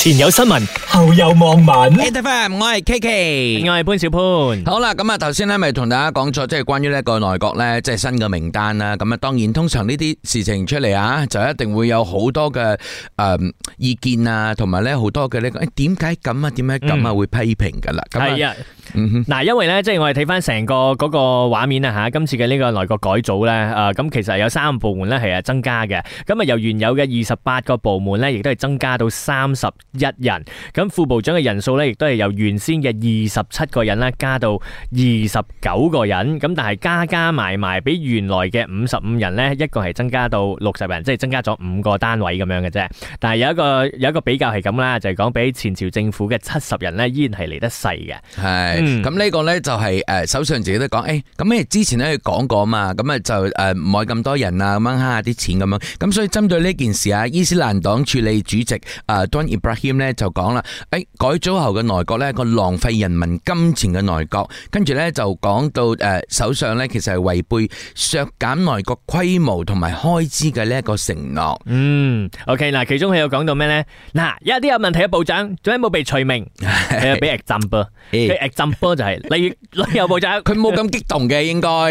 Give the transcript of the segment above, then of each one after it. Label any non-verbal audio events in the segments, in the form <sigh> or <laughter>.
前有新聞，後有網民。Hello everyone，我係 KK，我係潘小潘。好啦，咁啊，頭先咧咪同大家講咗，即係關於呢一個內閣咧，即係新嘅名單啦。咁啊，當然通常呢啲事情出嚟啊，就一定會有好多嘅誒意見啊，同埋咧好多嘅呢個誒，點解咁啊？點解咁啊？會批評噶啦，係啊。嗱，嗯、因為咧，即係我哋睇翻成個嗰個畫面啊，吓，今次嘅呢個內閣改組咧，誒，咁其實有三個部門咧係啊增加嘅，咁啊由原有嘅二十八個部門咧，亦都係增加到三十一人，咁副部長嘅人數咧，亦都係由原先嘅二十七個人咧，加到二十九個人，咁但係加加埋埋，比原來嘅五十五人咧，一共係增加到六十人，即係增加咗五個單位咁樣嘅啫。但係有一個有一個比較係咁啦，就係講比前朝政府嘅七十人咧，依然係嚟得細嘅。係。咁呢個咧就係誒首相自己都講，誒咁咧之前咧講過嘛，咁啊就誒唔係咁多人啊，咁樣慳下啲錢咁樣，咁所以針對呢件事啊，伊斯蘭黨處理主席阿 Don Ibrahim 咧就講啦，誒改組後嘅內閣咧，個浪費人民金錢嘅內閣，跟住咧就講到誒首相咧其實係違背削減內閣規模同埋開支嘅呢一個承諾。嗯，OK 嗱，其中佢又講到咩咧？嗱，一啲有問題嘅部長，點解冇被除名？佢又俾壓陣噃，俾壓陣。不過就係女旅遊部長，佢冇咁激動嘅應該。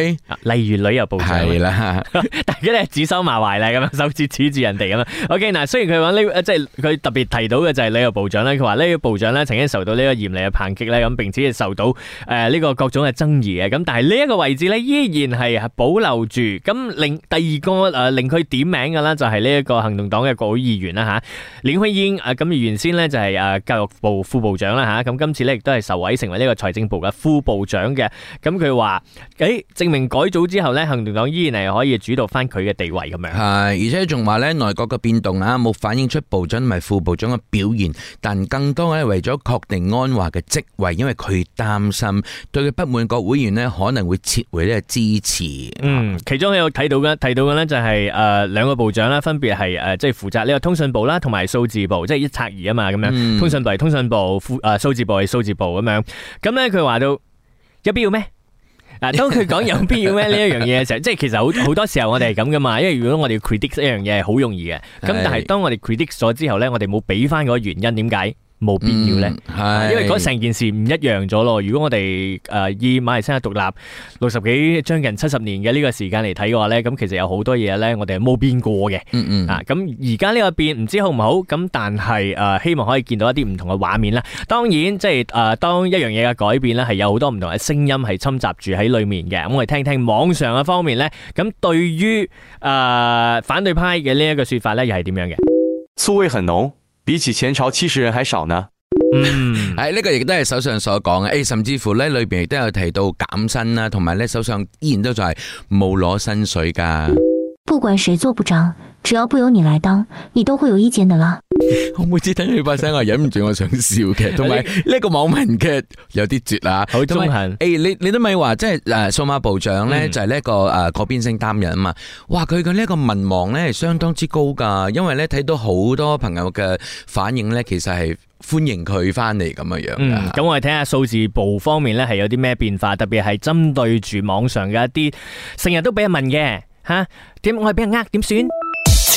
例如旅遊部長係啦，大家咧指手罵壞啦，咁樣手指指住人哋咁樣。O K，嗱，雖然佢話呢，即係佢特別提到嘅就係旅遊部長咧，佢話呢個部長咧曾經受到呢個嚴厲嘅抨擊咧，咁並且受到誒呢個各種嘅爭議嘅。咁但係呢一個位置咧依然係保留住。咁另第二個誒令佢點名嘅咧就係呢一個行動黨嘅國會議員啦吓，林慧英啊，咁原先咧就係誒教育部副部長啦吓，咁今次咧亦都係受委成為呢個。財政部嘅副部長嘅，咁佢話，誒，證明改組之後呢行動黨依然係可以主導翻佢嘅地位咁樣。係，而且仲話咧，內閣嘅變動啊，冇反映出部長同埋副部長嘅表現，但更多係為咗確定安華嘅職位，因為佢擔心對佢不滿國會員咧可能會撤回呢個支持。嗯，其中有睇到嘅睇到嘅呢就係誒兩個部長啦，分別係誒即係負責呢個通訊部啦，同埋數字部，即係一拆二啊嘛咁樣。嗯、通訊部係通訊部，副誒呃數字部係數字部咁樣。咁咧佢話到有必要咩？嗱，當佢講有必要咩呢一樣嘢嘅時候，即係 <laughs> 其實好好多時候我哋係咁噶嘛，因為如果我哋 critic 呢樣嘢係好容易嘅，咁但係當我哋 critic 咗之後咧，我哋冇俾翻個原因，點解？冇必要咧，因為嗰成件事唔一樣咗咯。如果我哋誒以馬來西亞獨立六十幾將近七十年嘅呢個時間嚟睇嘅話咧，咁其實有好多嘢咧，我哋係冇變過嘅。嗯嗯，啊，咁而家呢個變唔知好唔好？咁但係誒，希望可以見到一啲唔同嘅畫面啦。當然，即係誒，當一樣嘢嘅改變咧，係有好多唔同嘅聲音係侵襲住喺裏面嘅。咁我哋聽聽網上嘅方面咧，咁對於誒反對派嘅呢一個說法咧，又係點樣嘅？醋味很濃。比起前朝七十人還少呢，嗯，係、這、呢個亦都係首相所講嘅，誒，甚至乎呢裏邊亦都有提到減薪啦，同埋呢首相依然都就係冇攞薪水噶。不管誰做部長，只要不由你來當，你都會有意見的啦。我每次聽佢把聲，我忍唔住我想笑嘅，同埋呢一個網民嘅有啲絕啊，好中肯。誒，你你都咪話，即係誒數碼部長咧，就係呢一個誒，郭邊升擔任啊嘛。哇，佢嘅呢一個民望咧，相當之高噶，因為咧睇到好多朋友嘅反應咧，其實係歡迎佢翻嚟咁嘅樣。嗯，咁我哋睇下數字部方面咧，係有啲咩變化，特別係針對住網上嘅一啲成日都俾人問嘅吓，點我係俾人呃點算？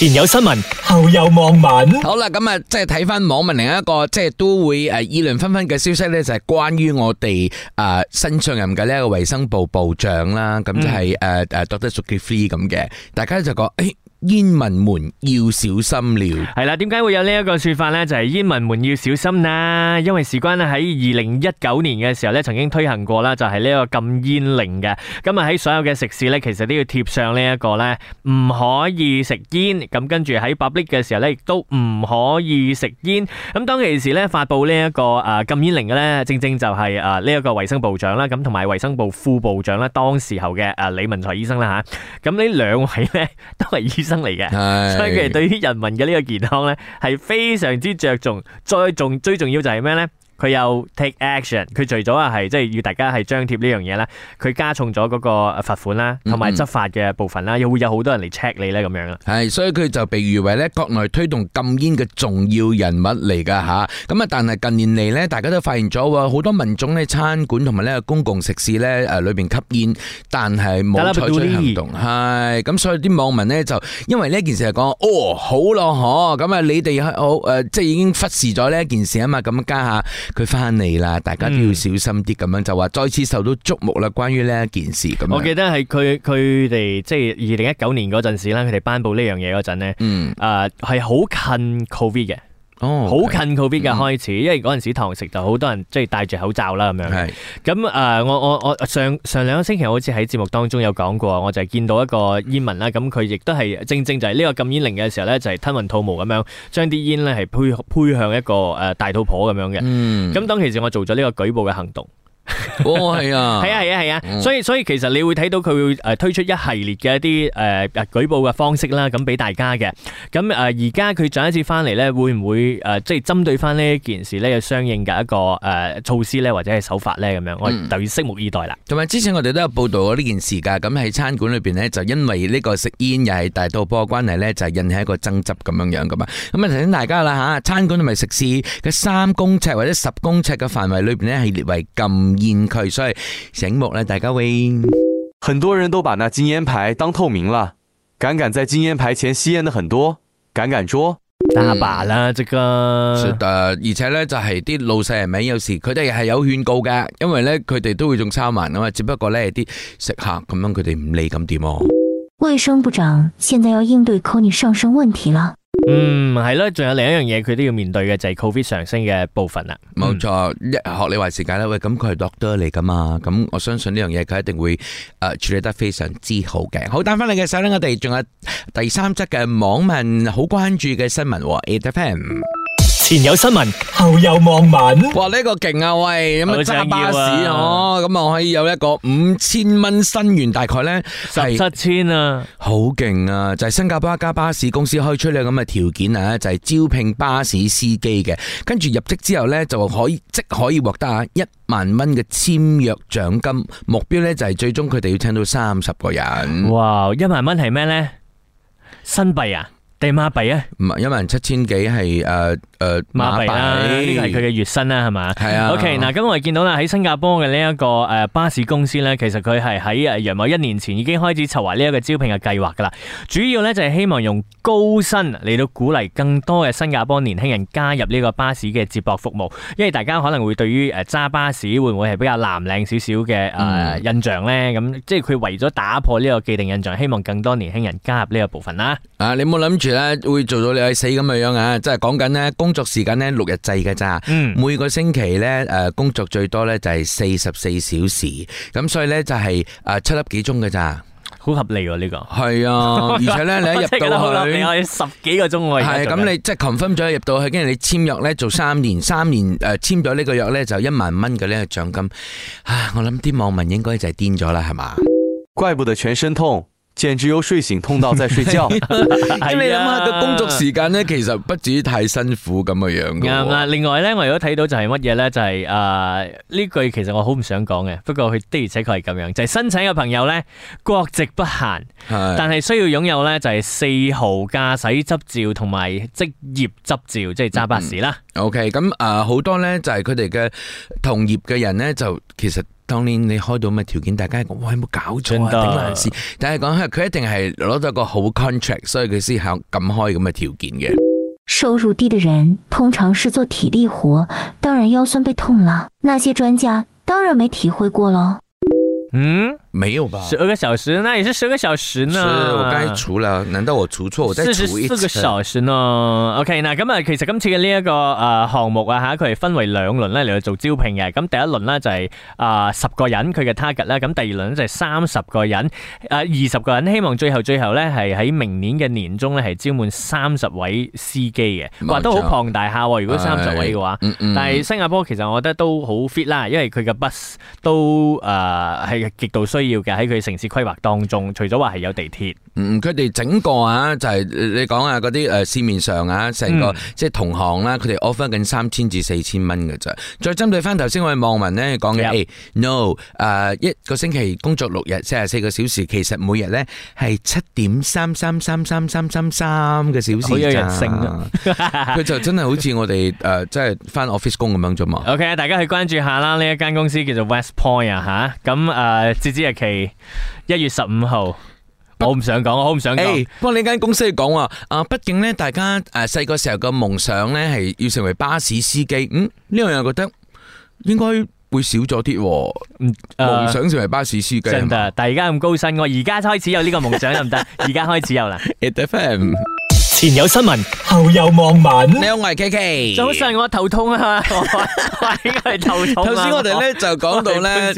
前有新聞，後有網民。好啦，咁啊，即係睇翻網民另一個即係都會誒議論紛紛嘅消息咧，就係關於我哋誒新上任嘅呢一個衛生部部長啦。咁就係誒誒 Doctor Dzulkefly 咁嘅，大家就覺誒。煙民們要小心了。係啦，點解會有呢一個說法咧？就係煙民們要小心啦，因為事關咧，喺二零一九年嘅時候咧，曾經推行過啦，就係呢個禁煙令嘅。咁啊喺所有嘅食肆咧，其實都要貼上呢一個咧，唔可以食煙。咁跟住喺 public 嘅時候咧，亦都唔可以食煙。咁當其時咧，發布呢一個誒禁煙令嘅咧，正正就係誒呢一個衛生部長啦，咁同埋衛生部副部長啦，當時候嘅誒李文才醫生啦吓。咁呢兩位咧都係醫生嚟嘅，所以其實對於人民嘅呢個健康咧，係非常之着重。再重最重要就係咩咧？佢又 take action，佢除咗啊，係即係要大家係張貼呢樣嘢咧，佢加重咗嗰個罰款啦，同埋執法嘅部分啦，又會有好多人嚟 check 你咧咁樣啦。係，所以佢就被譽為咧國內推動禁煙嘅重要人物嚟噶吓。咁啊，但係近年嚟咧，大家都發現咗啊，好多民眾喺餐館同埋咧公共食肆咧誒裏邊吸煙，但係冇採取行動。係，咁所以啲網民咧就因為呢一件事嚟講，哦，好咯，嗬，咁啊，你哋好誒，即係已經忽視咗呢一件事啊嘛，咁加下。佢翻嚟啦，大家都要小心啲咁、嗯、樣，就話再次受到矚目啦。關於呢一件事，咁樣我記得係佢佢哋即係二零一九年嗰陣時啦。佢哋頒布呢樣嘢嗰陣咧，誒係好近 covid 嘅。好近 COVID 嘅開始，oh, okay. 因為嗰陣時堂食就好多人即係戴住口罩啦咁樣。咁誒、 <noise> 嗯，我我我上上兩個星期好似喺節目當中有講過，我就係見到一個煙民啦，咁佢亦都係正正就係呢個禁煙令嘅時候咧，就係、是、吞雲吐霧咁樣將啲煙咧係推拋向一個誒、呃、大肚婆咁樣嘅。咁當其時我做咗呢個舉報嘅行動。哦，係啊，係啊，係啊，所以所以其實你會睇到佢會誒推出一系列嘅一啲誒舉報嘅方式啦，咁俾大家嘅。咁誒而家佢上一次翻嚟咧，會唔會誒即係針對翻呢件事咧有相應嘅一個誒措施咧，或者係手法咧咁樣？我哋就要拭目以待啦。同埋之前我哋都有報道過呢件事噶。咁喺餐館裏邊咧，就因為呢個食煙又係大肚婆關係咧，就引起一個爭執咁樣樣噶嘛。咁啊提醒大家啦吓，餐館同埋食肆嘅三公尺或者十公尺嘅範圍裏邊咧，係列為禁。然佢所以醒目咧，大家喂，很多人都把那禁煙牌當透明啦，敢敢在禁煙牌前吸煙的很多，敢敢坐，大把啦，這個，誒，而且呢，就係啲老細人名，有時佢哋係有勸告嘅，因為呢，佢哋都會仲抄埋啊嘛，只不過呢，啲食客咁樣佢哋唔理咁點啊。衛生部長現在要應對 COVID 上升問題啦。嗯，係咯，仲有另一樣嘢，佢都要面對嘅就係、是、Covid 上升嘅部分啦。冇錯錯，嗯、學你話事解啦。喂，咁佢係 doctor 嚟噶嘛？咁我相信呢樣嘢佢一定會誒處理得非常之好嘅。好，打翻嚟嘅時候咧，我哋仲有第三則嘅網民好關注嘅新聞，E.T.F.M。啊前有新聞，後有網民。哇！呢個勁啊，喂，咁啊，揸巴士哦，咁啊可以有一個五千蚊新元，大概咧十七千啊，好勁啊！就係新加坡一家巴士公司開出咧咁嘅條件啊，就係招聘巴士司機嘅，跟住入職之後咧就可以即可以獲得啊一萬蚊嘅簽約獎金，目標咧就係最終佢哋要請到三十個人。哇！一萬蚊係咩咧？新幣啊？定馬幣啊？唔係一萬七千幾係誒？誒，馬幣啦，呢個係佢嘅月薪啦，係嘛？係啊。啊 OK，嗱，咁我哋見到啦，喺新加坡嘅呢一個誒、呃、巴士公司咧，其實佢係喺誒楊某一年前已經開始籌劃呢一個招聘嘅計劃噶啦。主要咧就係希望用高薪嚟到鼓勵更多嘅新加坡年輕人加入呢個巴士嘅接駁服務，因為大家可能會對於誒揸巴士會唔會係比較藍領少少嘅誒印象咧？咁即係佢為咗打破呢個既定印象，希望更多年輕人加入呢個部分啦。啊，你冇諗住咧會做到你死咁嘅樣啊！即係講緊呢。工作時間呢六日制嘅咋，嗯、每個星期呢誒工作最多呢就係四十四小時，咁、嗯、所以呢就係誒七粒幾鐘嘅咋，好合理喎、啊、呢、這個，係啊，而且呢你一入到去啦，十幾個鐘喎，係咁你即係 confirm 咗入到去，跟住 <laughs> 你簽約呢做三年， <laughs> 三年誒簽咗呢個約呢就一萬蚊嘅呢個獎金，啊我諗啲網民應該就係癲咗啦係嘛？怪不得全身痛。甚至有睡醒痛到在睡覺，咁 <music> 你諗下個工作時間咧，其實不止太辛苦咁嘅樣嘅。另外咧，我如果睇到就係乜嘢咧，就係誒呢句其實我好唔想講嘅，不過佢的而且確係咁樣，就係、是、申請嘅朋友咧，國籍不限，但係需要擁有咧就係、是、四號駕駛執照同埋職業執照，即係揸巴士啦、嗯。OK，咁誒好多咧就係佢哋嘅同業嘅人咧，就其實。當年你開到咁嘅條件，大家係講哇有冇搞錯啊？頂難事，但係講係佢一定係攞到一個好 contract，所以佢先肯咁開咁嘅條件嘅。收入低嘅人通常是做體力活，當然腰酸背痛啦。那些專家當然沒體會過咯。嗯。沒有吧？十二個小時，那也是十個小時呢。我該除了，難道我除錯？我再除十四個小時呢？OK，嗱，咁啊，其實今次嘅呢一個誒項目啊吓，佢係分為兩輪咧嚟去做招聘嘅。咁第一輪咧就係誒十個人佢嘅 target 啦，咁第二輪就係三十個人，誒二十個人，希望最後最後咧係喺明年嘅年終咧係招滿三十位司機嘅，哇錯都好龐大下。如果三十位嘅話，哎嗯嗯、但係新加坡其實我覺得都好 fit 啦，因為佢嘅 bus 都誒係、呃、極度衰。需要嘅喺佢城市規劃當中，除咗話係有地鐵。嗯，佢哋整個啊，就係你講啊，嗰啲誒市面上啊，成個即係同行啦，佢哋 offer 緊三千至四千蚊嘅啫。再針對翻頭先位網民咧講嘅，no，誒一個星期工作六日，四廿四個小時，其實每日咧係七點三三三三三三三嘅小時。好有人性啊！佢就真係好似我哋誒，即係翻 office 工咁樣啫嘛。OK，大家去關注下啦。呢一間公司叫做 West Point 啊，吓咁誒，截止日期一月十五號。我唔想講，我好唔想講。誒，不過你間公司講喎。啊，畢竟咧，大家誒細個時候嘅夢想咧係要成為巴士司機。嗯，呢樣我覺得應該會少咗啲。嗯，夢想成為巴士司機，唔得。但而家咁高薪，而家開始有呢個夢想得唔得？而家開始有啦。E T F M 前有新聞，後有網民。你好，我係 KK。早晨，我頭痛啊！我係頭痛啊。頭先我哋咧就講到咧，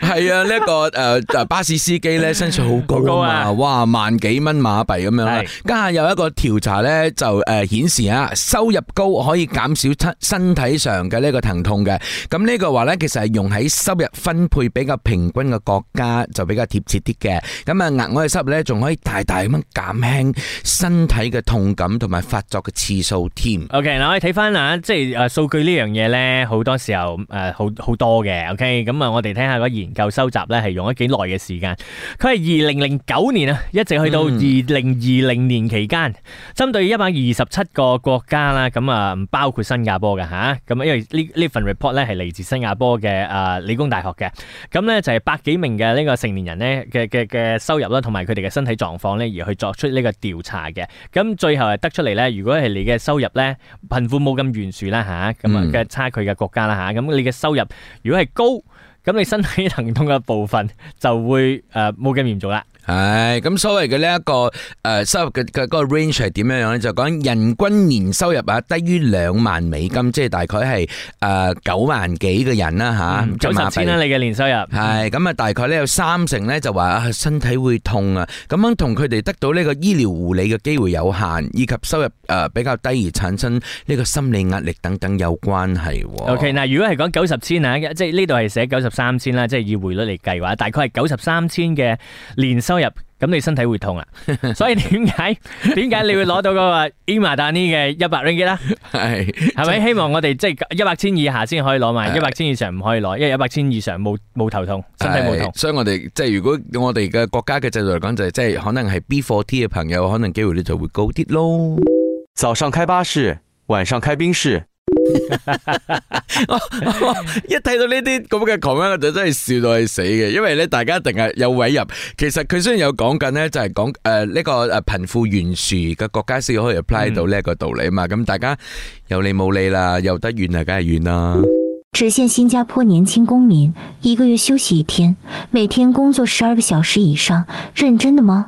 係啊呢一個誒巴士司機咧，薪水好高啊！哇，萬幾蚊馬幣咁樣啦。家下有一個調查咧，就誒顯示啊，收入高可以減少出身體上嘅呢個疼痛嘅。咁呢個話咧，其實係用喺收入分配比較平均嘅國家就比較貼切啲嘅。咁啊，額外嘅收入咧，仲可以大大咁減輕身體嘅痛。痛感同埋發作嘅次數添。OK 嗱，我哋睇翻啊，即係誒數據呢樣嘢咧，好多時候誒好好多嘅。OK，咁啊，我哋聽下個研究收集咧係用咗幾耐嘅時間。佢係二零零九年啊，一直去到二零二零年期間，針對一百二十七個國家啦，咁啊唔包括新加坡嘅吓。咁啊，因為呢呢份 report 咧係嚟自新加坡嘅誒理工大學嘅。咁咧就係百幾名嘅呢個成年人咧嘅嘅嘅收入啦，同埋佢哋嘅身體狀況咧而去作出呢個調查嘅。咁最最後係得出嚟咧，如果係你嘅收入咧，貧富冇咁懸殊啦嚇，咁啊嘅差距嘅國家啦嚇，咁你嘅收入如果係高，咁你身體疼痛嘅部分就會誒冇咁嚴重啦。係咁所謂嘅呢一個誒收入嘅嘅嗰個 range 係點樣樣咧？就講人均年收入啊，低於兩萬美金，即係大概係誒九萬幾嘅人啦吓。九十千啦，你嘅年收入係咁啊？大概咧有三成咧就話啊身體會痛啊，咁樣同佢哋得到呢個醫療護理嘅機會有限，以及收入誒比較低而產生呢個心理壓力等等有關係。O K，嗱如果係講九十千啊，即係呢度係寫九十三千啦，即係以匯率嚟計嘅話，大概係九十三千嘅年收入。收入咁你身體會痛啦、啊，所以點解點解你會攞到嗰個 MADANI 嘅一百 ringgit 啦 <laughs> 是？係係咪希望我哋即係一百千以下先可以攞埋，一百千以上唔可以攞，因為一百千以上冇冇頭痛，身體冇痛。 <laughs> 所以我哋即係如果我哋嘅國家嘅制度嚟講，就係即係可能係 B40 嘅朋友，可能機會率就會高啲咯。早上開巴士，晚上開冰士。一睇到呢啲咁嘅狂 o m 我就真係笑到去死嘅，因為咧大家一定係有位入。其實佢雖然有講緊呢，就係講誒呢個誒貧富懸殊嘅國家先可以 apply 到呢一個道理啊。嘛，咁、嗯、大家有理冇理啦，有得怨啊，梗係怨啦。只限新加坡年輕公民一個月休息一天，每天工作十二個小時以上，認真的嗎？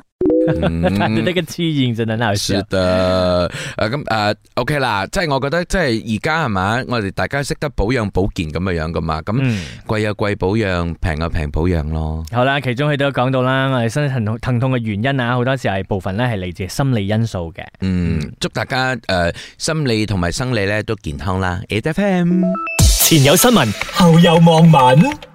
嗯，你呢個痴線真係鬧笑。是的，誒咁誒，OK 啦，即係我覺得，即係而家係嘛，我哋大家識得保養保健咁嘅樣噶嘛，咁貴有貴保養，平有平保養咯。好啦，其中佢都有講到啦，我哋身體疼痛疼痛嘅原因啊，好多時係部分咧係嚟自心理因素嘅。嗯，祝大家誒心理同埋生理咧都健康啦。AiFM 前有新聞，後有網民。